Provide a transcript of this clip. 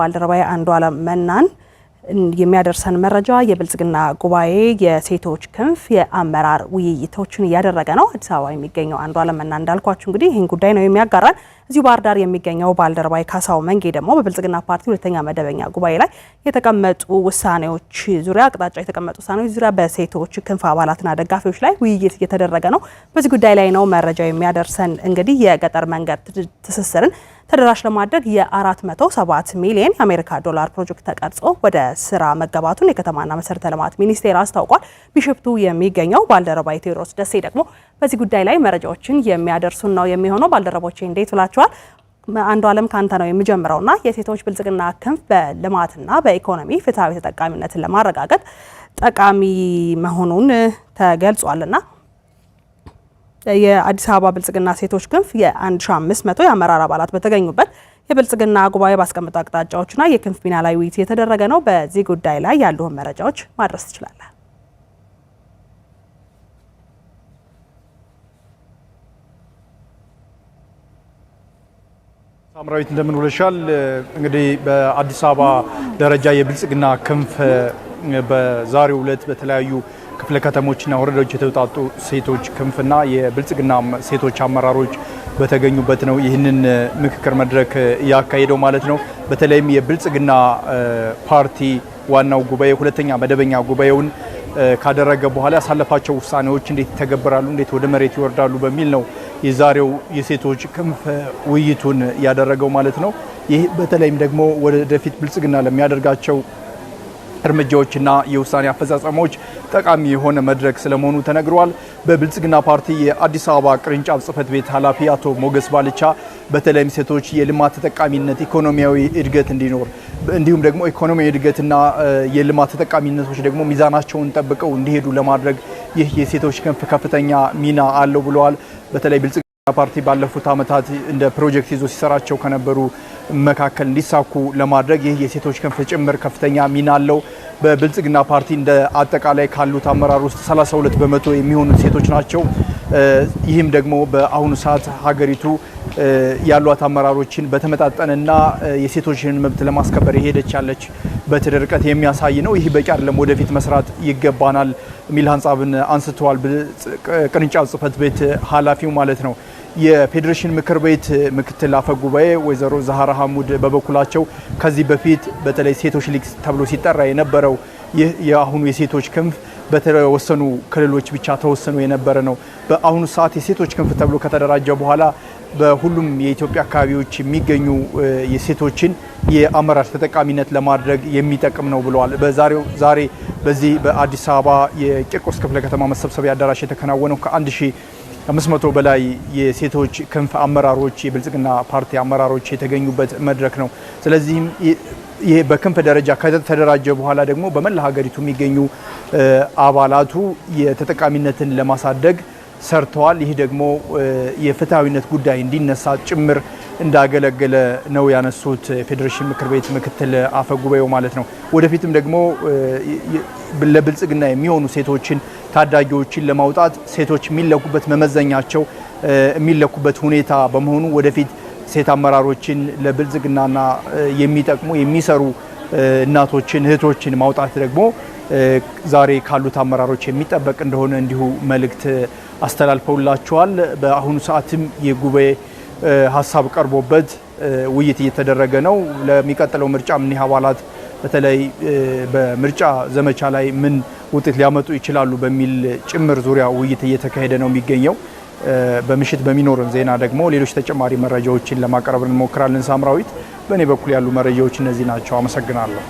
ባልደረባ አንዱ አለም መናን የሚያደርሰን መረጃ የብልጽግና ጉባኤ የሴቶች ክንፍ የአመራር ውይይቶችን እያደረገ ነው። አዲስ አበባ የሚገኘው አንዱ አለም መና እንዳልኳችሁ እንግዲህ ይህን ጉዳይ ነው የሚያጋራን። እዚሁ ባህር ዳር የሚገኘው ባልደረባይ ካሳው መንጌ ደግሞ በብልጽግና ፓርቲ ሁለተኛ መደበኛ ጉባኤ ላይ የተቀመጡ ውሳኔዎች ዙሪያ አቅጣጫ የተቀመጡ ውሳኔዎች ዙሪያ በሴቶች ክንፍ አባላትና ደጋፊዎች ላይ ውይይት እየተደረገ ነው። በዚህ ጉዳይ ላይ ነው መረጃ የሚያደርሰን። እንግዲህ የገጠር መንገድ ትስስርን ተደራሽ ለማድረግ የ407 ሚሊዮን የአሜሪካ ዶላር ፕሮጀክት ተቀርጾ ወደ ስራ መገባቱን የከተማና መሰረተ ልማት ሚኒስቴር አስታውቋል። ቢሾፍቱ የሚገኘው ባልደረባ የቴዎድሮስ ደሴ ደግሞ በዚህ ጉዳይ ላይ መረጃዎችን የሚያደርሱን ነው የሚሆነው። ባልደረቦቼ እንዴት ብላችኋል? አንዱ ዓለም ካንተ ነው ና የሴቶች ብልጽግና ክንፍ በልማትና በኢኮኖሚ ፍትሐዊ ተጠቃሚነትን ለማረጋገጥ ጠቃሚ መሆኑን ተገልጿልና የአዲስ አበባ ብልጽግና ሴቶች ክንፍ የ1500 የአመራር አባላት በተገኙበት የብልጽግና ጉባኤ ባስቀመጡ አቅጣጫዎችና የክንፍ ሚና ላይ ውይይት የተደረገ ነው። በዚህ ጉዳይ ላይ ያሉን መረጃዎች ማድረስ ትችላለን። ሳምራዊት እንደምን ውለሻል? እንግዲህ በአዲስ አበባ ደረጃ የብልጽግና ክንፍ በዛሬው ዕለት በተለያዩ ክፍለ ከተሞችና ወረዳዎች የተውጣጡ ሴቶች ክንፍና የብልጽግና ሴቶች አመራሮች በተገኙበት ነው ይህንን ምክክር መድረክ ያካሄደው ማለት ነው። በተለይም የብልጽግና ፓርቲ ዋናው ጉባኤ ሁለተኛ መደበኛ ጉባኤውን ካደረገ በኋላ ያሳለፋቸው ውሳኔዎች እንዴት ይተገበራሉ፣ እንዴት ወደ መሬት ይወርዳሉ በሚል ነው የዛሬው የሴቶች ክንፍ ውይይቱን ያደረገው ማለት ነው። ይህ በተለይም ደግሞ ወደፊት ብልጽግና ለሚያደርጋቸው እርምጃዎችና የውሳኔ አፈጻጸሞች ጠቃሚ የሆነ መድረክ ስለመሆኑ ተነግሯል። በብልጽግና ፓርቲ የአዲስ አበባ ቅርንጫፍ ጽህፈት ቤት ኃላፊ አቶ ሞገስ ባልቻ በተለይም ሴቶች የልማት ተጠቃሚነት፣ ኢኮኖሚያዊ እድገት እንዲኖር እንዲሁም ደግሞ ኢኮኖሚያዊ እድገትና የልማት ተጠቃሚነቶች ደግሞ ሚዛናቸውን ጠብቀው እንዲሄዱ ለማድረግ ይህ የሴቶች ክንፍ ከፍተኛ ሚና አለው ብለዋል። በተለይ ብልጽግና ፓርቲ ባለፉት ዓመታት እንደ ፕሮጀክት ይዞ ሲሰራቸው ከነበሩ መካከል እንዲሳኩ ለማድረግ ይህ የሴቶች ክንፍ ጭምር ከፍተኛ ሚና አለው። በብልጽግና ፓርቲ እንደ አጠቃላይ ካሉት አመራር ውስጥ 32 በመቶ የሚሆኑት ሴቶች ናቸው። ይህም ደግሞ በአሁኑ ሰዓት ሀገሪቱ ያሏት አመራሮችን በተመጣጠንና የሴቶችን መብት ለማስከበር የሄደች ያለች በትርርቀት የሚያሳይ ነው። ይህ በቂ አይደለም፣ ወደፊት መስራት ይገባናል የሚል ሀንጻብን አንስተዋል ቅርንጫፍ ጽህፈት ቤት ኃላፊው ማለት ነው። የፌዴሬሽን ምክር ቤት ምክትል አፈ ጉባኤ ወይዘሮ ዛሃራ ሀሙድ በበኩላቸው ከዚህ በፊት በተለይ ሴቶች ሊግ ተብሎ ሲጠራ የነበረው ይህ የአሁኑ የሴቶች ክንፍ በተወሰኑ ክልሎች ብቻ ተወሰኑ የነበረ ነው። በአሁኑ ሰዓት የሴቶች ክንፍ ተብሎ ከተደራጀ በኋላ በሁሉም የኢትዮጵያ አካባቢዎች የሚገኙ የሴቶችን የአመራር ተጠቃሚነት ለማድረግ የሚጠቅም ነው ብለዋል። በዛሬው ዛሬ በዚህ በአዲስ አበባ የቂርቆስ ክፍለ ከተማ መሰብሰቢያ አዳራሽ የተከናወነው ከአንድ ሺህ ከአምስት መቶ በላይ የሴቶች ክንፍ አመራሮች የብልጽግና ፓርቲ አመራሮች የተገኙበት መድረክ ነው። ስለዚህም ይህ በክንፍ ደረጃ ከተደራጀ በኋላ ደግሞ በመላ ሀገሪቱ የሚገኙ አባላቱ የተጠቃሚነትን ለማሳደግ ሰርተዋል። ይህ ደግሞ የፍትሐዊነት ጉዳይ እንዲነሳ ጭምር እንዳገለገለ ነው ያነሱት ፌዴሬሽን ምክር ቤት ምክትል አፈ ጉባኤው ማለት ነው። ወደፊትም ደግሞ ለብልጽግና የሚሆኑ ሴቶችን ታዳጊዎችን ለማውጣት ሴቶች የሚለኩበት መመዘኛቸው የሚለኩበት ሁኔታ በመሆኑ ወደፊት ሴት አመራሮችን ለብልጽግናና የሚጠቅሙ የሚሰሩ እናቶችን እህቶችን ማውጣት ደግሞ ዛሬ ካሉት አመራሮች የሚጠበቅ እንደሆነ እንዲሁ መልእክት አስተላልፈውላቸዋል። በአሁኑ ሰዓትም የጉባኤ ሀሳብ ቀርቦበት ውይይት እየተደረገ ነው። ለሚቀጥለው ምርጫ እኒህ አባላት በተለይ በምርጫ ዘመቻ ላይ ምን ውጤት ሊያመጡ ይችላሉ በሚል ጭምር ዙሪያ ውይይት እየተካሄደ ነው የሚገኘው። በምሽት በሚኖረን ዜና ደግሞ ሌሎች ተጨማሪ መረጃዎችን ለማቅረብ እንሞክራለን። ሳምራዊት፣ በእኔ በኩል ያሉ መረጃዎች እነዚህ ናቸው። አመሰግናለሁ።